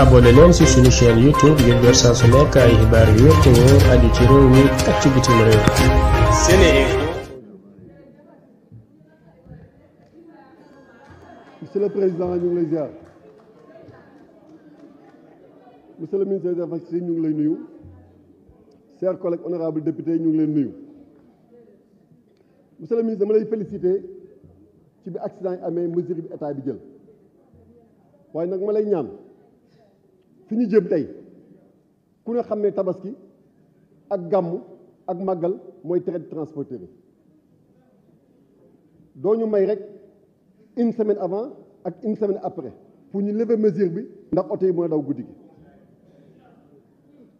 abonné leen ci suñu chaîne YouTube saa su nekk ay xibaar ci réew mi ak ci ñu ngi lay ziar monsieur le ministre des ñu ngi lay nuyu chers collègues honorables députés leen nuyu monsieur le ministre dama lay féliciter ci bi accident yi amee mesure bi bi jël waaye nag ma lay ñaan. fi ñu jëm tey ku ne xam ne tabaski ak gàmmu ak màggal mooy traite transporteur yi doo ñu may rek une semaine avant ak une semaine après pour ñu lever mesure bi ndax oto yi mën a daw guddi gi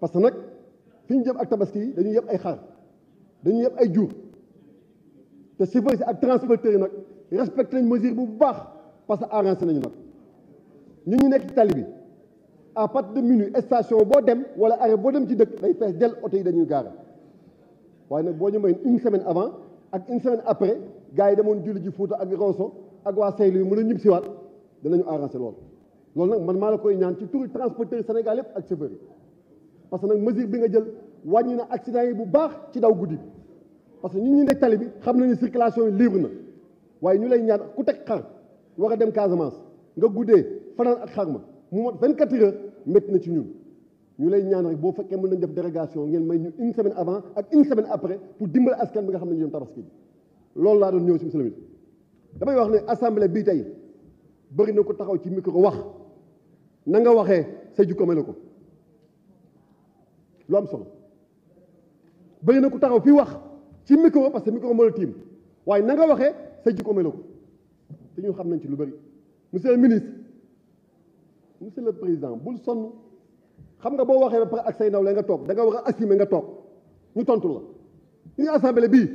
parce que nag fi ñu jëm ak tabaski yi dañuy yëpp ay xar dañuy yëpp ay jur te chauffeur si ak transporteur yi nag respecté nañ mesure bu baax parce que arrangé nañu nag ñun ñu nekk ci bi à partir de minuit station boo dem wala arrêt boo dem ci dëkk day fees del oto yi dañuy gaare waaye nag boo ñu mayoon une semaine avant ak une semaine après gars yi demoon julli ji Fuuta ak Rosso ak waa Seylu yi mën a ñibbi siwaat danañu arrangé lool loolu nag man maa la koy ñaan ci turu transporteur Sénégal yëpp ak chauffeur yi parce que nag mesure bi nga jël wàññi na accident yi bu baax ci daw guddi parce que ñun ñu nekk tali bi xam nañu circulation yi libre na waaye ñu lay ñaan ku teg xar war dem Casamance nga guddee fanaan ak xar ma mu mot 24 heures métti na ci ñun ñu lay ñaan rek boo fekkee mën nañ def dérogation ngeen may ñu une semaine avant ak une semaine après pour dimbal askan bi nga xam ne ñu dem loolu laa doon ñëw si monsieur damay wax ne assemblée bii tey bëri na ko taxaw ci micro wax na nga waxee sa jikko ko lu solo bëri na ko taxaw fii wax ci micro parce que micro moo la tiim waaye na waxee sa jikko mel xam nañ ci lu bëri monsieur le ministre monsieur le président bul sonn xam nga boo waxee ba pare ak say nawle nga toog danga wax war a assumer nga toog ñu tontu la ñu assemblée bii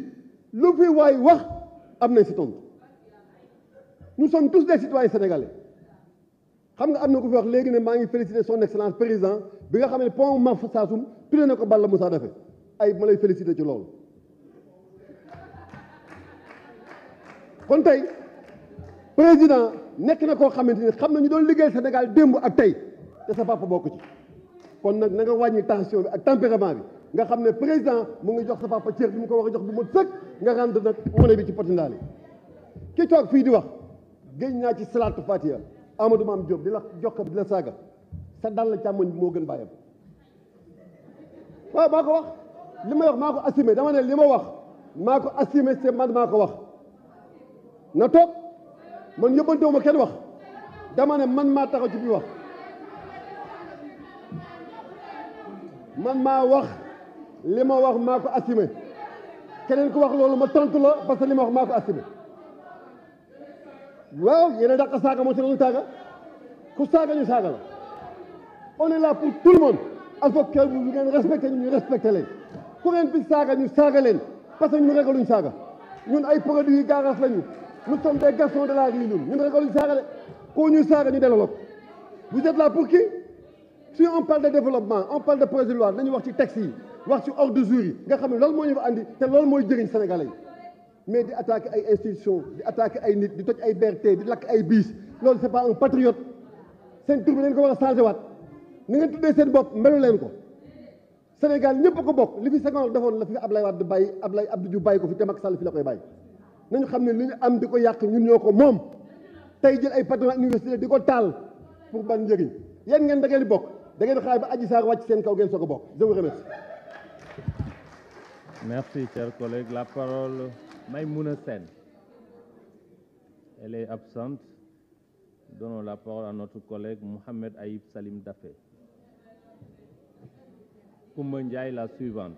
lu fi waay wax am nañ si tontu nous sommes tous des citoyens sénégalais xam nga am na ku fi wax léegi ne maa ngi féliciter son excellence président bi nga xam ne pont ma Saasum tuddee na ko mu Moussa Daffé ay ma lay féliciter ci loolu kon tey président nekk na koo xamante ni xam na ñu doon liggéey Sénégal démb ak tey te sa papa bokk ci kon nag na nga wàññi tension bi ak tempérament bi nga xam ne président mu ngi jox sa papa cër bi mu ko wax a jox bu mu sëkk nga rendre nag monnaie bi ci potindaale ki toog fii di wax géej naa ci salaatu fatiha Amadou Mame Diop di la jox di la saaga sa dal càmmoñ bi moo gën bàyyam waaw maa ko wax li ma wax maa ko assumé dama ne li ma wax maa ko assumé c'est maa ko wax na man yóbbantewu ma kenn wax dama ne man maa taxaw ci bi wax man maa wax li ma wax maa ko assumé keneen ku wax loolu ma tontu la parce que li ma wax maa ko assumé waaw yéen a saaga moo ci doon saaga ku saaga ñu saaga la on est là pour tout le monde il faut que ñu ngeen respecté ñu ñu respecté leen ku ngeen fi saaga ñu saaga leen parce que ñu rek luñ saaga ñun ay produits yi gaaraas lañu nous sommes des garçons de la rue ñun ñun rek oluñu saaga de koo ñuy saaga ñu delloo ko vous êtes là pour qui si on parle de développement on parle de projet de loi nañu wax ci texte yi wax ci ordre du jour yi nga xam ne loolu moo ñu fa andi te loolu mooy jëriñ sénégalais yi mais di attaquer ay institutions di attaquer ay nit di toj ay BRT di lakk ay biis lool c'est pas un patriote seen tur bi dañ ko war a changé waat ni ngeen tuddee seen bopp melu leen ko Sénégal ñëpp ko bokk li fi defoon la fi Ablaye Wade bàyyi Ablaye ko fi Sall fi la koy bàyyi. nañu xam ne li ñu am di ko yàq ñun ñoo ko moom tey jël ay patron université di ko taal pour ban njëriñ yéen ngeen da di bokk da ngeen xaar ba Adji Sarr wàcc seen kaw ngeen soog a bokk je vous remercie. merci chers collègues la parole Maïmouna Sène elle la parole à notre collègue Mohamed Aïb la suivante.